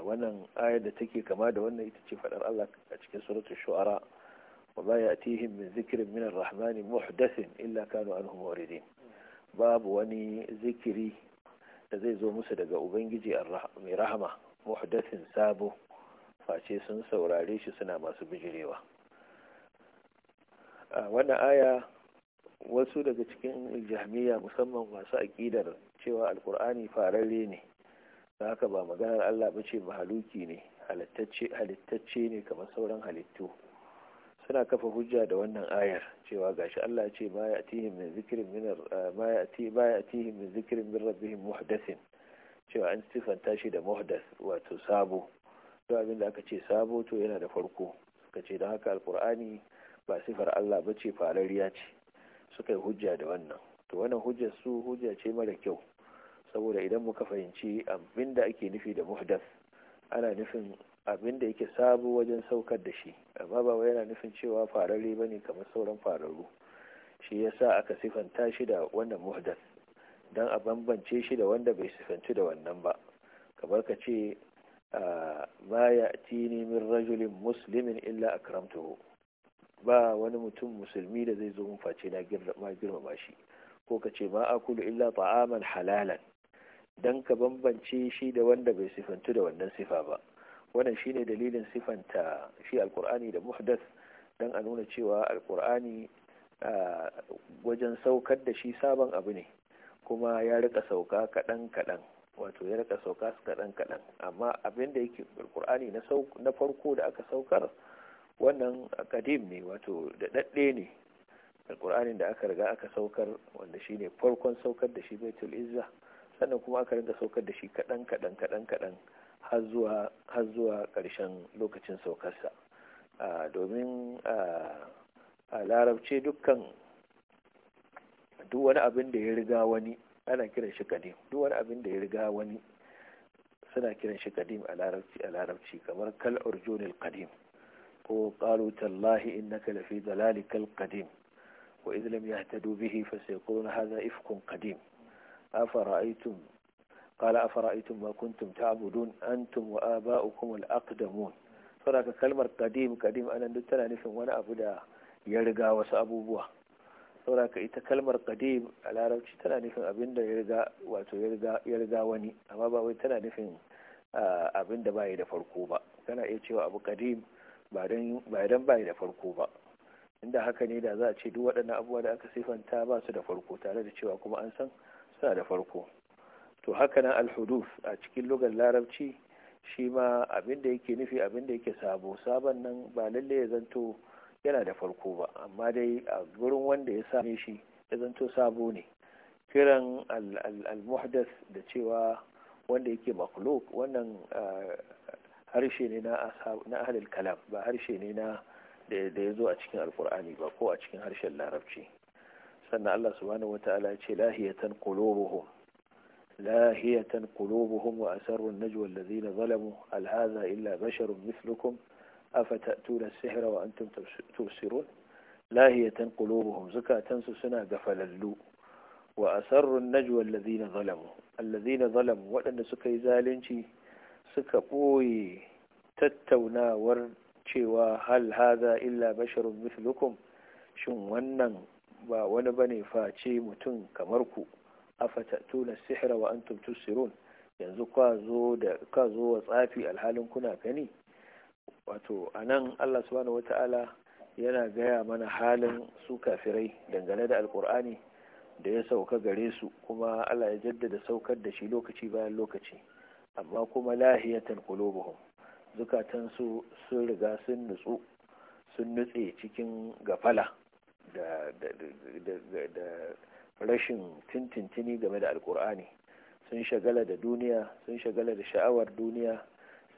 Speaker 1: wannan ayar da take kama da wannan ita ce faɗar Allah a cikin suratul shu'ara wa ma ya'tihim min zikrin min ar-rahmani muhdathin illa kanu anhu muridin babu wani zikiri da zai zo musu daga ubangiji mai rahma muhdathin sabo face sun saurare shi suna masu bijirewa a wannan aya wasu daga cikin jami'a musamman masu aƙidar cewa alkur'ani fararre ne haka ba maganar Allah ba ce mahaluki ne halittacce ne kamar sauran halittu suna kafa hujja da wannan ayar cewa gashi Allah ce baya ya min zikirin eh, min rabbihim cewa an sifanta shi da muhdas wato sabo to abinda da aka ce sabo to yana da farko suka ce don haka alkur'ani ba sifar Allah ba ce farariya ce suka yi hujja da wannan to wannan hujjar su hujja ce mara kyau saboda idan muka fahimci abinda ake nufi da muhdas ana nufin abinda yake sabo wajen saukar da shi amma ba yana nufin cewa fararre ba ne kamar sauran fararru shi ya sa aka sifanta shi da wannan muhdas don a bambance shi da wanda bai sifanci da wannan ba kamar ka ce ba ah, ya tini min rajulin musulmin illa akramtuhu ba wani mutum musulmi da zai zo mun face na girmama shi ko ka ce ma akulu illa ta'aman halalan don ka bambance shi da wanda bai sifantu da wannan sifa ba wannan shine dalilin sifanta shi alkur'ani da muhdas don a nuna cewa alkur'ani wajen saukar da shi sabon abu ne kuma ya rika sauka kaɗan kaɗan wato ya rika sauka su kaɗan kaɗan amma abin da yake alkur'ani na farko da aka saukar wannan kadim ne wato da ɗaɗɗe ne alkur'anin da aka riga aka saukar wanda shine farkon saukar da shi baitul izza sannan kuma aka rinka saukar da shi kaɗan kaɗan kaɗan kaɗan har zuwa ƙarshen lokacin saukarsa domin a larabce dukkan duk wani abin da ya riga wani ana kiran shi kadim duk wani abin da ya riga wani suna kiran shi kadim a larabci a larabci kamar kal urjunil kadim ko qalu tallahi innaka lafi dalalikal kadim wa idlam yahtadu bihi fasayquluna hadha ifkun kadim أفرأيتم قال أفرأيتم ما كنتم تعبدون أنتم وآباؤكم الأقدمون saboda kalmar kadim kadim anan duk tana nufin wani abu da yarga wasu abubuwa saboda ita kalmar kadim a larabci tana nufin abin da wato ya wani amma ba wai tana nufin abin da bayi da farko ba kana iya cewa abu kadim ba dan bayi da farko ba inda haka ne da za a ce duk waɗannan abubuwa da aka sifanta ba su da farko tare da cewa kuma an san sa da farko to haka nan alhuduf a cikin lugar larabci shi ma abin da yake nufi abin da yake sabo sabon nan ba lalle ya zanto yana da farko ba amma dai a gurin wanda ya same shi ya zanto sabo ne kiran almuhdas da cewa wanda yake makhluk wannan ah, harshe ne na ahalil kalam ba harshe ne na da ya zo a cikin alkur'ani ba ko a cikin harshen larabci فإن الله سبحانه وتعالى لاهية قلوبهم لاهية قلوبهم وأسر النجوى الذين ظلموا هل هذا إلا بشر مثلكم أفتأتون السحر وأنتم تبصرون لاهية قلوبهم زكاة سنة قفل اللو وأسر النجوى الذين ظلموا الذين ظلموا وأن سكي زالنشي سكبوي تتونا ورشي هل هذا إلا بشر مثلكم شو ونن ba wani bane face mutum kamar ku tuna sihirawa wa antum tusirun yanzu kwa zo wa tsafi alhalin kuna gani wato a nan Allah subhanahu wata'ala yana gaya mana halin su kafirai dangane da alkur'ani da ya sauka gare su kuma Allah ya jaddada saukar da shi lokaci bayan lokaci amma kuma lahiyatan qulubuhum zukatan su sun riga sun nutsu sun nutse cikin gafala da rashin tintintini game da alkur'ani sun shagala da duniya sun shagala da sha'awar duniya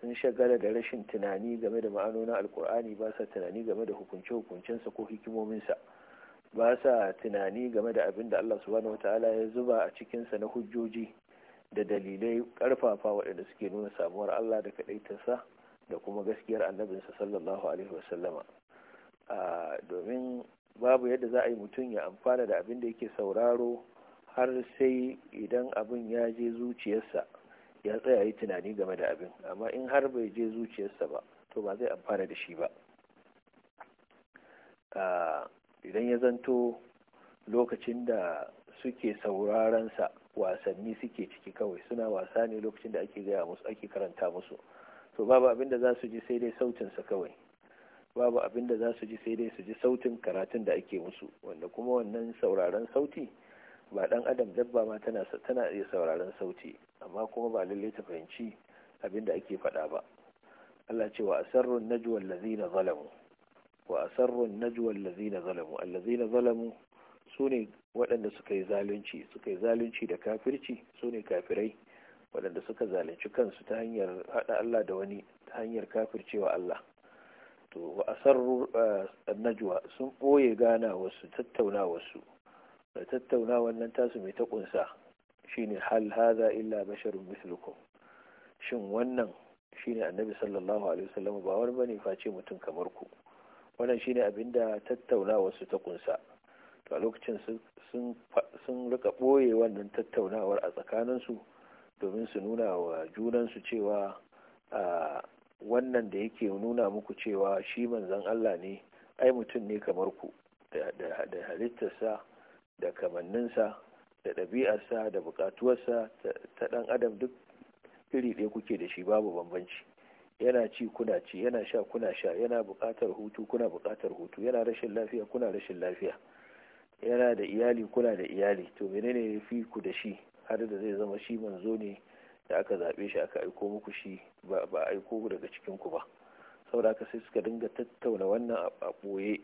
Speaker 1: sun shagala da rashin tunani game da ma'anonin alkur'ani ba sa tunani game da hukunce-hukuncensa ko hikimominsa ba sa tunani game da abin da allah subhanahu wata'ala ya zuba a cikin sa na hujjoji da dalilai karfafa waɗanda suke nuna samuwar allah da sa da kuma gaskiyar annabinsa sallallahu alaihi wasallama ah, domin babu yadda za a yi mutum ya amfana da abin da yake sauraro har sai idan abin ya je zuciyarsa ya tsaya yi tunani game da abin amma in har bai je zuciyarsa ba to ba zai amfana da shi ba idan ya zanto lokacin da suke saurarensa wasanni suke ciki kawai suna wasa ne lokacin da ake gaya musu ake karanta musu to babu abin da za su ji sai dai sautinsa kawai babu abin da za su ji sai dai su ji sautin karatun da ake musu wanda kuma wannan sauraron sauti ba dan adam dabba ma tana tana iya sauraron sauti amma kuma ba lalle ta fahimci abin da ake faɗa ba Allah ce wa asarrun najwa allazina zalamu wa asarrun najwa allazina zalamu allazina zalamu sune waɗanda suka yi zalunci suka yi zalunci da kafirci sune kafirai waɗanda suka zalunci kansu ta hanyar haɗa Allah da wani ta hanyar kafircewa Allah to a asarru najwa sun ɓoye gana wasu tattauna wasu da tattauna wannan tasu mai ta ƙunsa shine hal haza illa basharun mislukum shin wannan shine annabi sallallahu alaihi wasallam ba wani bane face mutum kamar ku wannan shine abinda tattauna wasu ta ƙunsa to a lokacin sun rika ɓoye wannan tattaunawar a tsakaninsu domin su nuna wa junansu cewa wannan da yake nuna muku cewa shi manzan Allah ne ai mutum ne kamar ku da halittarsa da kamanninsa da ɗabi'arsa da buƙatuwarsa ta ɗan adam duk iri ɗaya kuke da shi babu bambanci yana ci kuna ci yana sha kuna sha yana buƙatar hutu kuna buƙatar hutu yana rashin lafiya kuna rashin lafiya yana da iyali kuna da iyali to menene ya fi ku da shi har da zai zama shi manzo ne da aka zaɓe shi aka aiko muku shi ba a aiko daga cikinku ba saboda haka sai suka dinga tattauna wannan a ɓoye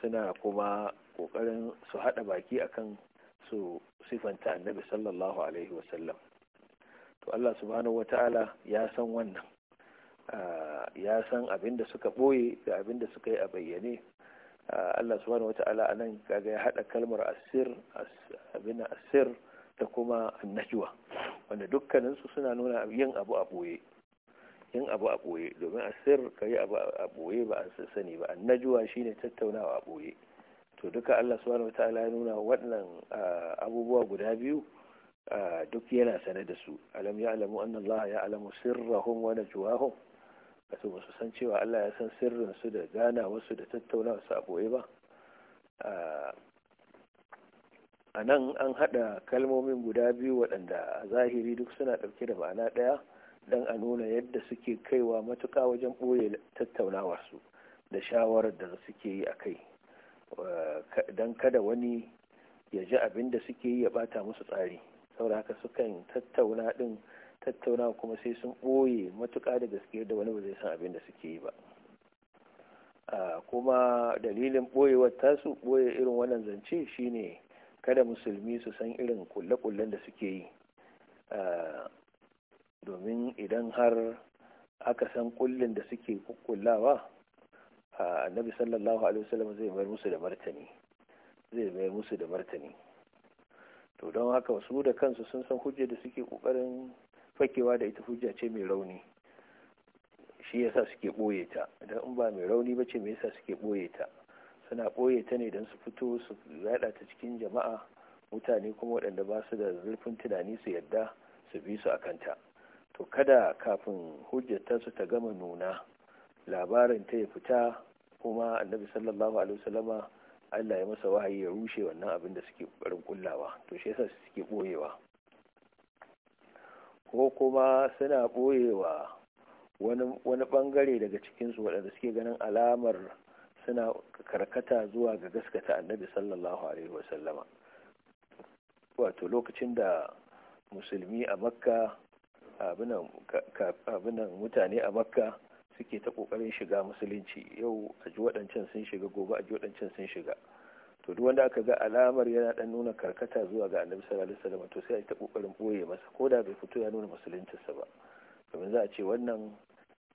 Speaker 1: suna kuma ƙoƙarin su haɗa baki akan su sifanta annabi sallallahu alaihi wasallam to Allah subhanahu ta'ala ya san wannan ya san abin da suka ɓoye da abin da suka yi a bayyane Allah subhanahu ta'ala a nan kaga ya haɗa kalmar asir abin asir da kuma annajuwa wanda dukkaninsu suna nuna yin abu a ɓoye yin abu a ɓoye domin a sir ka yi abu a ɓoye ba a sani ba an najuwa ne tattaunawa a ɓoye to duka Allah subhanahu ala ya nuna waɗannan abubuwa guda biyu duk yana sane da su alam ya alamu anna Allah ya alamu sirrahum wa najwahum kasu ba su san cewa Allah ya san sirrin su da gana wasu da tattaunawa su a ɓoye ba a nan an haɗa kalmomin guda biyu waɗanda a zahiri duk suna ɗauke da ma'ana ɗaya don a nuna yadda suke kaiwa matuka wajen ɓoye tattaunawar su da shawarar da suke yi a kai eh, don kada wani ya ji abin da suke yi ya ɓata musu tsari saboda haka sukan tattauna ɗin tattauna kuma sai sun ɓoye matuka da gaske da wani ba zai san abin da suke yi ba eh, kuma dalilin ɓoyewar tasu ɓoye irin wannan zance shine kada musulmi su san irin kulle-kullen da suke yi ah, domin idan har aka san kullin da suke kullawa ah, annabi sallallahu alaihi wasallam zai mayar musu da martani zai mayar musu da martani to don haka su da kansu sun san hujja da suke kokarin fakewa da ita hujja ce mai rauni shi yasa suke boye ta idan ba mai rauni ba ce me yasa suke boye ta suna ɓoye ta ne don su fito su yada ta cikin jama'a mutane kuma waɗanda ba su da zurfin tunani su yadda su bi su a kanta to kada kafin hujjata su ta gama nuna labarin ta ya fita kuma annabi sallallahu alaihi wasallama Allah ya masa wahayi ya rushe wannan abin da suke ƙoƙarin kullawa to shi yasa suke ɓoyewa ko kuma suna ɓoyewa wani ɓangare daga cikinsu waɗanda suke ganin alamar suna karkata zuwa ga gaskata annabi sallallahu alaihi wasallama wato lokacin da musulmi a makka abinan mutane a makka suke ta kokarin shiga musulunci yau a ji waɗancan sun shiga gobe a ji waɗancan sun shiga to duk wanda aka ga alamar yana dan nuna karkata zuwa ga annabi sallallahu alaihi wasallam to sai a ta kokarin boye masa ko da bai fito ya nuna musuluncinsa ba domin za a ce wannan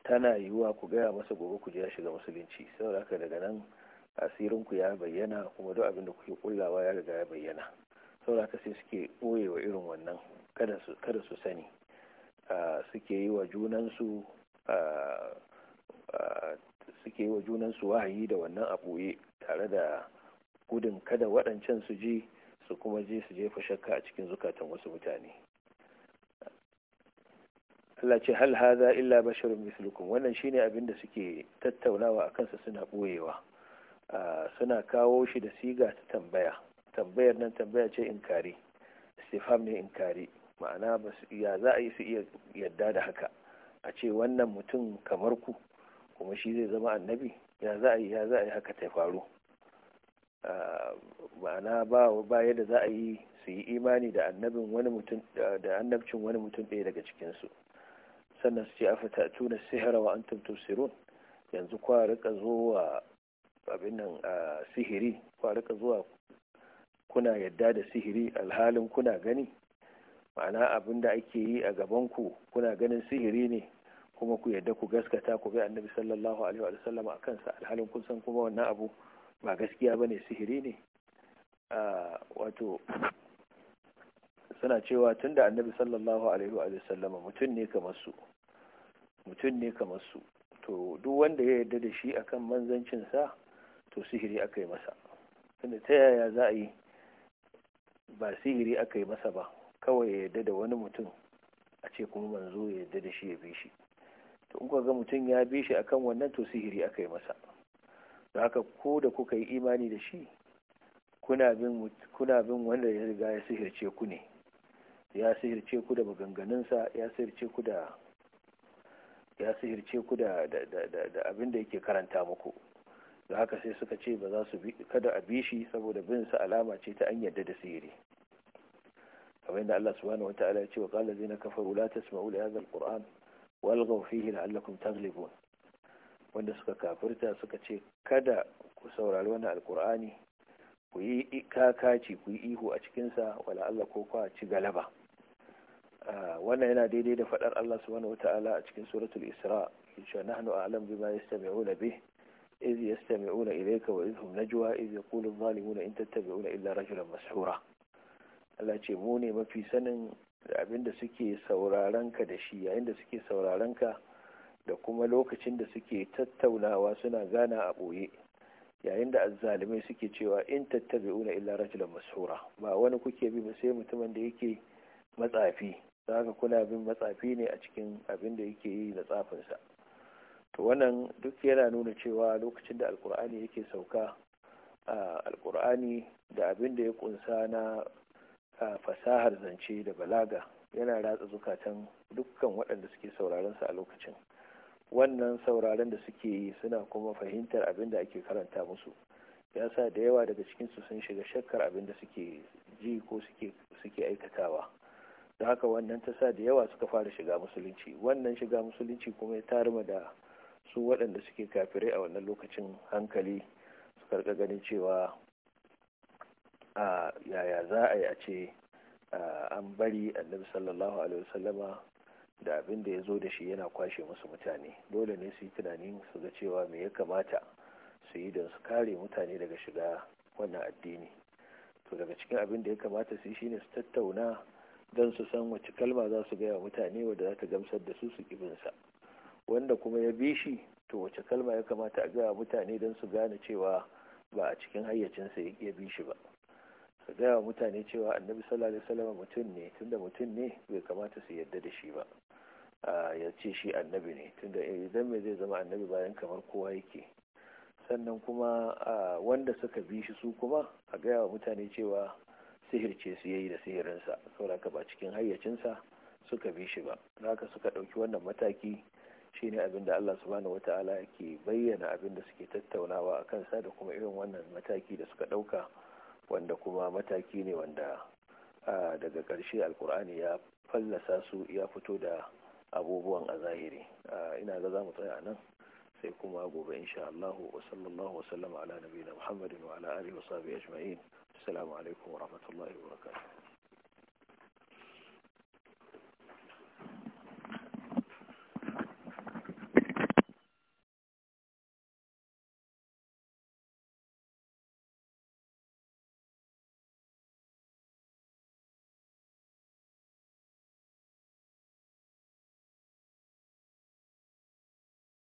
Speaker 1: tana yiwuwa ku gaya masa gobe ku je a shiga musulunci saboda haka daga nan asirinku ya bayyana kuma duk abin da kuke kullawa ya riga ya bayyana saboda haka sai suke ɓoyewa irin wannan kada su sani suke yi wa junansu suke yi wa junansu wahayi da wannan a ɓoye tare da gudun kada waɗancan su ji su kuma je su jefa shakka a cikin zukatan wasu mutane Allah ce hal haza illa basharun mislukum wannan shine abin da suke tattaunawa a kansa suna boyewa suna kawo shi da siga ta tambaya tambayar nan tambaya ce inkari istifham ne inkari ma'ana ya za a yi su iya yadda da haka a ce wannan mutum kamar ku kuma shi zai zama annabi ya za a yi ya za a yi haka ta faru ma'ana ba da za a yi su yi imani da da annabcin wani mutum ɗaya daga cikinsu sannan su ce a fita tuna sihira wa antum tubsirun yanzu kwa rika zuwa abin nan a sihiri kwa rika zuwa kuna yadda da sihiri alhalin kuna gani ma'ana abin da ake yi a gaban ku kuna ganin sihiri ne kuma ku yadda ku gaskata ku bi annabi sallallahu alaihi wa sallam a kansa alhalin kun san kuma wannan abu ba gaskiya bane sihiri ne wato suna cewa tun da annabi sallallahu alaihi wa sallama mutum ne kamar su mutum ne kamar su to duk wanda ya yarda da shi akan manzancinsa to sihiri aka yi masa tunda ta yaya za a yi ba sihiri aka yi masa ba kawai ya yarda da wani mutum a ce kuma manzo ya yarda da shi ya bi shi to in ga mutum ya bi shi akan wannan to sihiri aka yi masa da haka ko da kuka yi imani da shi kuna bin kuna bin wanda ya riga ya sihirce ku ne ya sihirce ku da maganganunsa ya sihirce ku da ya sihirce ku da abin da yake karanta muku da haka sai suka ce ba za su kada a bi shi saboda bin sa alama ce ta an yadda da sihiri kamar yadda Allah subhanahu ta'ala ya ce wa qala zina kafaru la tasma'u li hadha alquran walghaw fihi la'allakum taghlibun wanda suka kafirta suka ce kada ku saurari wannan alqur'ani ku yi kakaci ku yi ihu a cikinsa wala Allah ko kwa ci galaba Ah, wannan yana daidai da faɗar Allah subhanahu wata'ala a cikin suratul Isra insha nahnu a'lam bima yastami'una bih yastami'una ilayka wa idhum najwa iz yaqulu adh-dhalimuna in tattabi'una illa rajulan mashhura Allah ce mu ne mafi sanin abin da suke saurarenka da shi yayin da suke saurarenka da kuma lokacin da suke tattaunawa suna gana a boye yayin da azzalimai suke cewa in tattabi'una illa rajulan mashhura ba wani kuke bi ba sai mutumin da yake matsafi zaka haka kuna bin matsafi ne a cikin abin da yake yi da tsafinsa to wannan duk yana nuna cewa lokacin da alkur'ani yake sauka a alkur'ani da abin da ya kunsa na fasahar zance da balaga yana ratsa zukatan dukkan waɗanda suke sauraron sa a lokacin wannan sauraron da suke yi suna kuma fahimtar abin da ake karanta musu ya sa da yawa daga cikinsu sun shiga shakkar abin da suke ji ko suke aikatawa da haka wannan ta sa da yawa suka fara shiga musulunci wannan shiga musulunci kuma ya tarima da su waɗanda suke kafirai a wannan lokacin hankali su karka ganin cewa a yaya za a yi a ce an bari annabi sallallahu alaihi wasallama da abin da ya zo da shi yana kwashe musu mutane dole ne su yi tunanin su ga cewa me ya kamata su yi don su kare mutane daga shiga wannan addini to daga cikin abin da ya kamata su yi shine su tattauna don su san wace kalma za su gaya mutane wadda za ta gamsar da su su kibinsa wanda kuma ya bi shi to wace kalma ya kamata a gaya mutane don su gane cewa ba a cikin hayyacinsa ya bi shi ba su gaya mutane cewa annabi sallallahu alaihi mutum ne tunda mutum ne bai kamata su yarda da shi ba ya ce shi annabi ne tunda idan eh, mai zai zama annabi bayan kamar kowa yake sannan kuma wanda suka bi shi su kuma a gaya mutane cewa sihirce su yayi da sihirinsa saboda ba cikin hayyacinsa suka bi shi ba haka suka ɗauki wannan mataki shine abin da Allah subhanahu wata'ala ke bayyana abin da suke tattaunawa a kansa da kuma irin wannan mataki da suka ɗauka wanda kuma mataki ne wanda daga ƙarshe alkur'ani ya fallasa su ya fito da abubuwan a zahiri ina ga za mu tsaya nan sai kuma gobe insha Allah wa sallallahu wa sallama ala nabiyina Muhammadin wa ala alihi wa sahbihi ajma'in assalamu alaikum wa rahmatullahi wa barakatuh